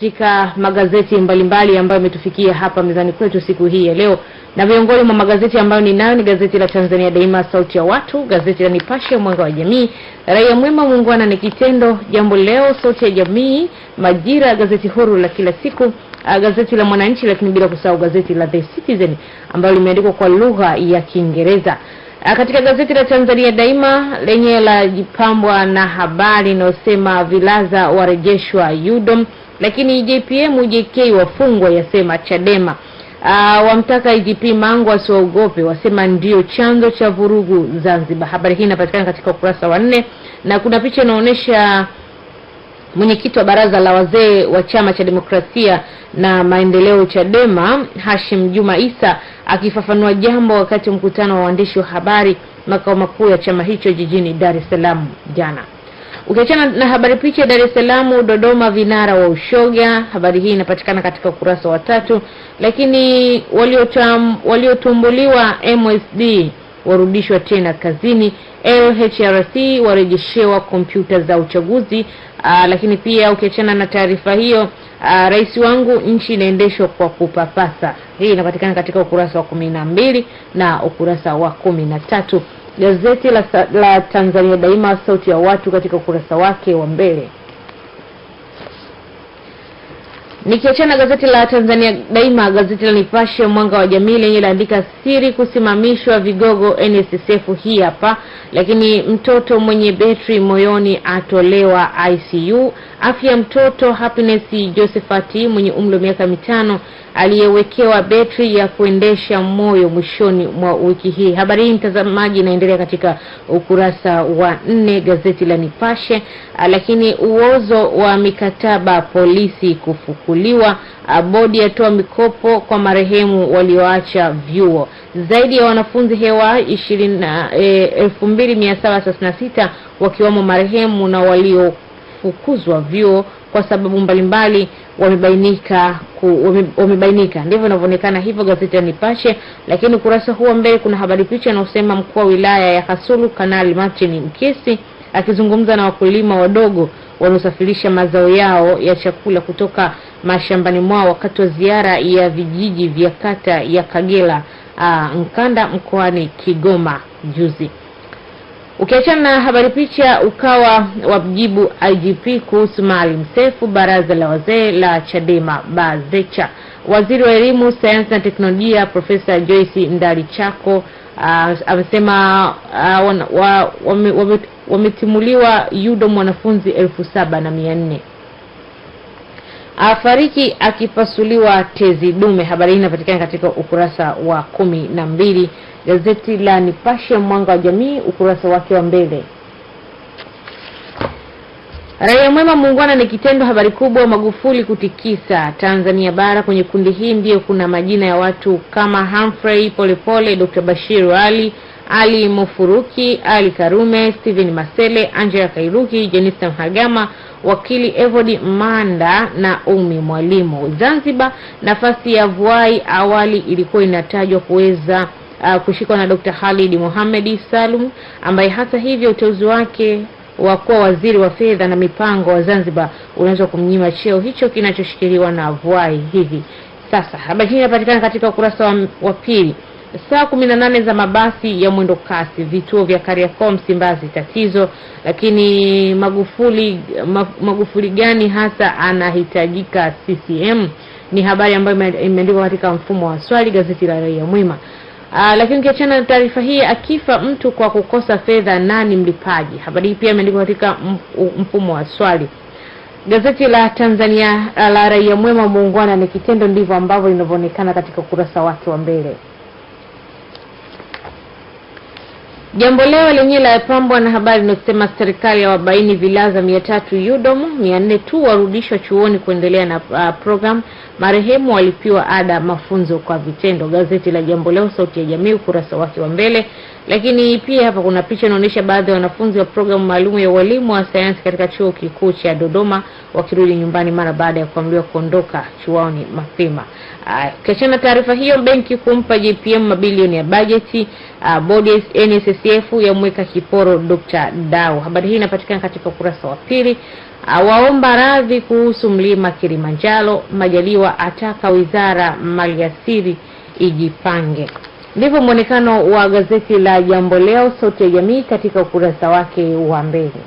Katika magazeti mbalimbali ambayo imetufikia hapa mezani kwetu siku hii ya leo, na miongoni mwa magazeti ambayo ninayo ni gazeti la Tanzania Daima, Sauti ya Watu, gazeti la Nipashe, Mwanga wa Jamii, Raia Mwema, Muungwana ni Kitendo, Jambo Leo, Sauti ya Jamii, Majira, gazeti huru la kila siku, ah, gazeti la Mwananchi, lakini bila kusahau gazeti la The Citizen ambalo limeandikwa kwa lugha ya Kiingereza. Ah, katika gazeti la Tanzania Daima lenye lajipambwa na habari inayosema vilaza warejeshwa Yudom lakini e JPM e JK wafungwa yasema Chadema. Aa, ah, wamtaka IGP e Mangu asiwaogope, wasema ndio chanzo cha vurugu Zanzibar. Habari hii inapatikana katika ukurasa wa nne na kuna picha inaonyesha mwenyekiti wa baraza la wazee wa chama cha demokrasia na maendeleo Chadema, Hashim Juma Isa akifafanua jambo wakati wa mkutano wa waandishi wa habari makao makuu ya chama hicho jijini Dar es Salaam jana. Ukiachana na habari picha Dar es Salaam, Dodoma vinara wa ushoga. Habari hii inapatikana katika ukurasa wa tatu. Lakini waliotumbuliwa walio MSD warudishwa tena kazini, LHRC warejeshewa kompyuta za uchaguzi. Aa, ah, lakini pia ukiachana na taarifa hiyo, ah, rais wangu nchi inaendeshwa kwa kupapasa. Hii inapatikana katika ukurasa wa kumi na mbili na ukurasa wa kumi na tatu. Gazeti la, la Tanzania Daima sauti ya watu katika ukurasa wake wa mbele. Nikiachana gazeti la Tanzania Daima, gazeti la Nipashe mwanga wa jamii lenye laandika siri kusimamishwa vigogo NSSF, hii hapa. Lakini mtoto mwenye betri moyoni atolewa ICU afya ya mtoto Happiness Josephati mwenye umri wa miaka mitano aliyewekewa betri ya kuendesha moyo mwishoni mwa wiki hii. Habari hii mtazamaji, inaendelea katika ukurasa wa nne gazeti la Nipashe. Ah, lakini uozo wa mikataba polisi kufukuliwa, ah, bodi yatoa mikopo kwa marehemu walioacha vyuo. Zaidi ya wanafunzi hewa ishirini eh, elfu mbili mia saba thelathini na sita wakiwamo marehemu na walio kufukuzwa vyuo kwa sababu mbalimbali wamebainika wamebainika ndivyo inavyoonekana hivyo gazeti ya Nipashe. Lakini ukurasa huo mbele kuna habari picha inayosema mkuu wa wilaya ya Kasulu Kanali Martin Mkesi akizungumza na wakulima wadogo wanaosafirisha mazao yao ya chakula kutoka mashambani mwao wakati wa ziara ya vijiji vya kata ya kagela ah, Nkanda mkoani Kigoma juzi. Ukiachana na habari picha, ukawa wamjibu IGP kuhusu Maalim Seif. Baraza la wazee la Chadema Bazecha, waziri wa elimu, sayansi na teknolojia Profesa Joyce Ndalichako Uh, amesema uh, wametimuliwa wa, wa Yudom wanafunzi elfu saba na mia nne afariki akipasuliwa tezi dume. Habari hii inapatikana katika ukurasa wa kumi na mbili Gazeti la Nipashe mwanga wa jamii ukurasa wake wa mbele. Raia mwema muungwana ni kitendo, habari kubwa. Magufuli kutikisa Tanzania bara. Kwenye kundi hii ndio kuna majina ya watu kama Humphrey Polepole, Dr. Bashiru Ali, Ali Mofuruki, Ali Karume, Steven Masele, Angela Kairuki, Jenista Mhagama, wakili Evodi Manda na Umi Mwalimu. Zanzibar, nafasi ya Vuai awali ilikuwa inatajwa kuweza uh, kushikwa na Dr. Khalid Mohamed Salum ambaye hata hivyo uteuzi wake wa kuwa waziri wa fedha na mipango wa Zanzibar unaweza kumnyima cheo hicho kinachoshikiliwa na Vuai hivi sasa. Habari hii inapatikana katika ukurasa wa, wa pili. Saa kumi na nane za mabasi ya mwendo kasi vituo vya Kariakoo, Msimbazi tatizo, lakini Magufuli Magufuli gani hasa anahitajika CCM? Ni habari ambayo imeandikwa katika mfumo wa swali, gazeti la Raia Mwema. Aa, ah, lakini ukiachana na taarifa hii, akifa mtu kwa kukosa fedha, nani mlipaji? Habari hii pia imeandikwa katika mfumo wa swali. Gazeti la Tanzania ah, la Raia Mwema, muungwana ni kitendo, ndivyo ambavyo linavyoonekana katika ukurasa wake wa mbele. Jambo Leo lenyewe lapambwa na habari inayosema serikali ya wabaini vilaza mia tatu yudom mia nne tu warudishwa chuoni kuendelea na uh, program. Marehemu walipiwa ada mafunzo kwa vitendo. Gazeti la Jambo Leo sauti ya jamii ukurasa wake wa mbele lakini pia hapa kuna picha inaonyesha baadhi ya wanafunzi wa programu maalum ya ualimu wa sayansi katika chuo kikuu cha Dodoma wakirudi nyumbani mara baada ya kuamriwa kuondoka chuoni mapema. Ukiachana ah, taarifa hiyo, benki kumpa JPM mabilioni ya bajeti. Ah, Bodi ya NSSF yamweka kiporo Dr. Dau. Habari hii inapatikana katika ukurasa wa pili. Ah, waomba radhi kuhusu mlima Kilimanjaro. Majaliwa ataka wizara maliasili ijipange. Ndivyo mwonekano wa gazeti la Jambo Leo sauti ya jamii katika ukurasa wake wa mbele.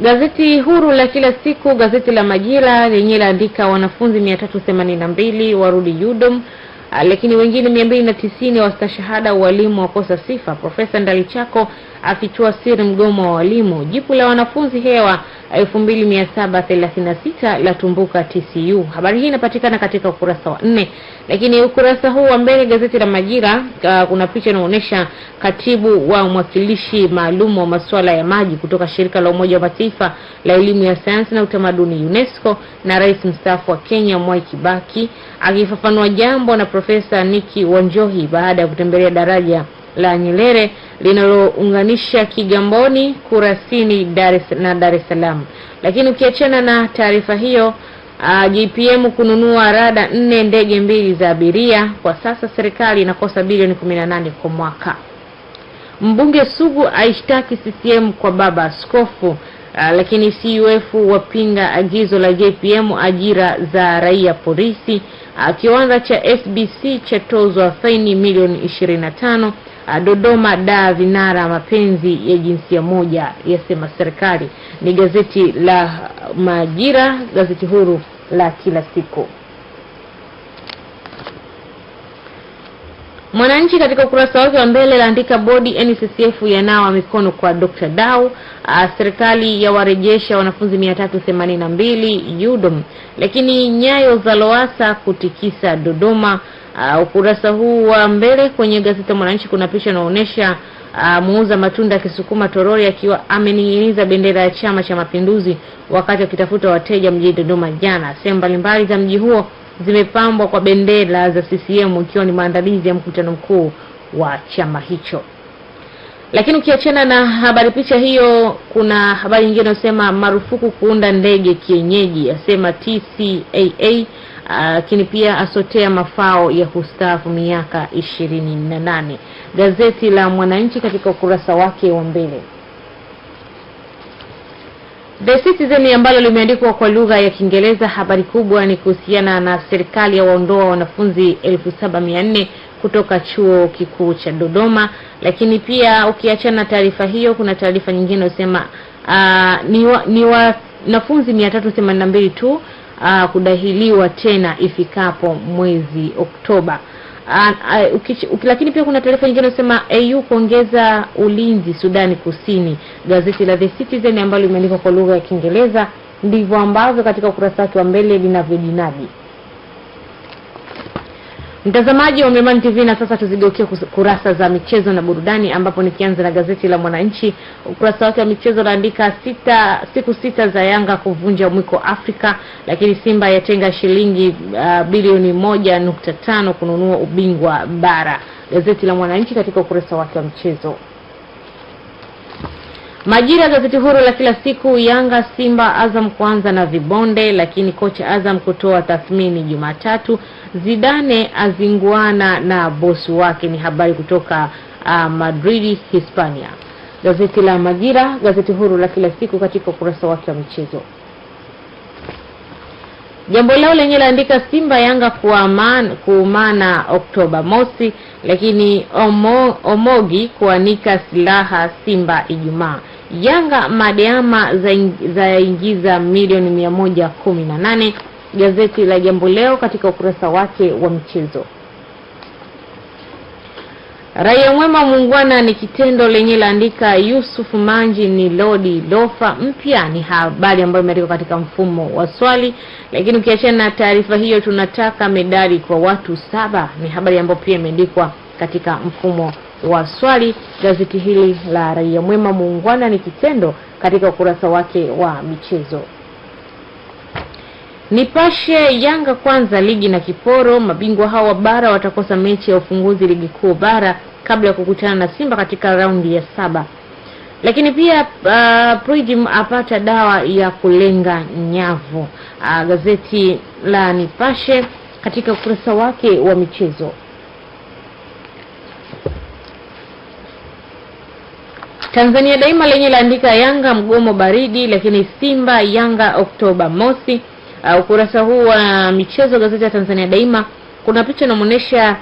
Gazeti huru la kila siku, gazeti la Majira lenyewe laandika wanafunzi 382 warudi yudom Ah, lakini wengine mia mbili na tisini wastashahada walimu wakosa sifa. Profesa Ndalichako afichua siri mgomo wa walimu. Jipu la wanafunzi hewa elfu mbili mia saba thelathini na sita la tumbuka TCU. Habari hii inapatikana katika ukurasa wa nne, lakini ukurasa huu wa mbele gazeti la Majira uh, kuna picha inaonyesha katibu wa mwakilishi maalum wa masuala ya maji kutoka shirika la Umoja wa Mataifa la elimu ya sayansi na utamaduni UNESCO na rais mstaafu wa Kenya Mwai Kibaki akifafanua jambo na Profesa Niki Wanjohi baada ya kutembelea daraja la Nyerere linalounganisha Kigamboni, Kurasini Dar na Dar es Salaam. Lakini ukiachana na taarifa hiyo Uh, JPM kununua rada nne ndege mbili za abiria. Kwa sasa serikali inakosa bilioni 18 kwa mwaka. Mbunge Sugu aishtaki CCM kwa baba askofu. Uh, lakini CUF wapinga agizo la JPM ajira za raia polisi. Uh, kiwanda cha SBC chatozwa faini milioni 25. Uh, ah, Dodoma da vinara mapenzi ya jinsia moja yasema serikali. Ni gazeti la Majira, gazeti huru la kila siku. Mwananchi katika ukurasa wake wa mbele laandika bodi NSSF yanawa mikono kwa Dr. Dau. Ah, serikali yawarejesha wanafunzi 382 yudom lakini nyayo za Lowassa kutikisa Dodoma. Uh, ukurasa huu wa mbele kwenye gazeti Mwananchi kuna picha inaonyesha uh, muuza matunda akisukuma toroli akiwa amening'iniza bendera ya Chama cha Mapinduzi wakati akitafuta wateja mjini Dodoma jana. Sehemu mbalimbali za mji huo zimepambwa kwa bendera za CCM ikiwa ni maandalizi ya mkutano mkuu wa chama hicho. Lakini ukiachana na habari picha hiyo, kuna habari nyingine inayosema marufuku kuunda ndege kienyeji, asema TCAA. Lakini pia asotea mafao ya kustaafu miaka ishirini na nane. Gazeti la Mwananchi katika ukurasa wake wa mbele The Citizen ambalo limeandikwa kwa lugha ya Kiingereza, habari kubwa ni kuhusiana na serikali ya waondoa wanafunzi 7400 kutoka chuo kikuu cha Dodoma. Lakini pia ukiachana na taarifa hiyo, kuna taarifa nyingine inasema uh, ah, ni, wa, ni wanafunzi 382 tu uh, kudahiliwa tena ifikapo mwezi Oktoba. Ah, ah, lakini pia kuna taarifa nyingine inasema AU kuongeza ulinzi Sudani Kusini. Gazeti la The Citizen ambalo limeandikwa kwa lugha ya Kiingereza ndivyo ambavyo katika ukurasa wake wa mbele linavyojinadi. Mtazamaji wa Mlimani TV na sasa tuzigeukie kurasa za michezo na burudani, ambapo nikianza na gazeti la Mwananchi ukurasa wake wa michezo naandika sita, siku sita za Yanga kuvunja mwiko Afrika, lakini Simba yatenga shilingi uh, bilioni moja nukta tano kununua ubingwa bara. Gazeti la Mwananchi katika ukurasa wake wa michezo. Majira ya gazeti huru la kila siku, Yanga, Simba, Azam kuanza na vibonde, lakini kocha Azam kutoa tathmini Jumatatu. Zidane azinguana na bosi wake, ni habari kutoka uh, Madrid, Hispania. Gazeti la Majira, gazeti huru la kila siku, katika ukurasa wake wa michezo Jambo lao lenye laandika Simba Yanga kuumana Oktoba mosi, lakini Omo, Omogi kuanika silaha Simba Ijumaa. Yanga Madeama zaingiza milioni mia moja kumi na nane. Gazeti la Jambo Leo katika ukurasa wake wa michezo Raia mwema muungwana ni kitendo lenye laandika Yusuf Manji ni lodi lofa mpya, ni habari ambayo imeandikwa katika mfumo wa swali. Lakini ukiachana na taarifa hiyo, tunataka medali kwa watu saba, ni habari ambayo pia imeandikwa katika mfumo waswali gazeti hili la Raia Mwema, muungwana ni kitendo, katika ukurasa wake wa michezo. Nipashe, Yanga kwanza ligi na kiporo. Mabingwa hawa bara watakosa mechi ya ufunguzi ligi kuu bara kabla ya kukutana na Simba katika raundi ya saba. Lakini pia uh, Prijim apata dawa ya kulenga nyavu. Uh, gazeti la Nipashe katika ukurasa wake wa michezo Tanzania Daima lenye laandika Yanga mgomo baridi, lakini Simba Yanga Oktoba mosi. Uh, ukurasa huu wa michezo gazeti ya Tanzania Daima kuna picha inamuonesha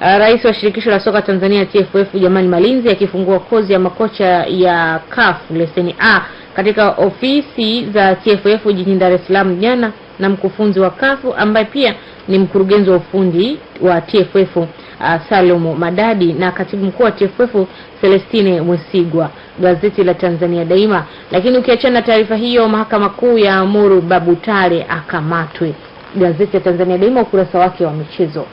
uh, rais wa shirikisho la soka Tanzania TFF Jamani Malinzi akifungua kozi ya makocha ya CAF leseni A katika ofisi za TFF jijini Dar es Salaam jana na mkufunzi wa CAF ambaye pia ni mkurugenzi wa ufundi wa TFF uh, Salumu Madadi na katibu mkuu wa TFF Celestine Mwesigwa, gazeti la Tanzania Daima. Lakini ukiachana na taarifa hiyo, mahakama kuu ya amuru Babutale akamatwe, gazeti la Tanzania Daima, ukurasa wake wa michezo.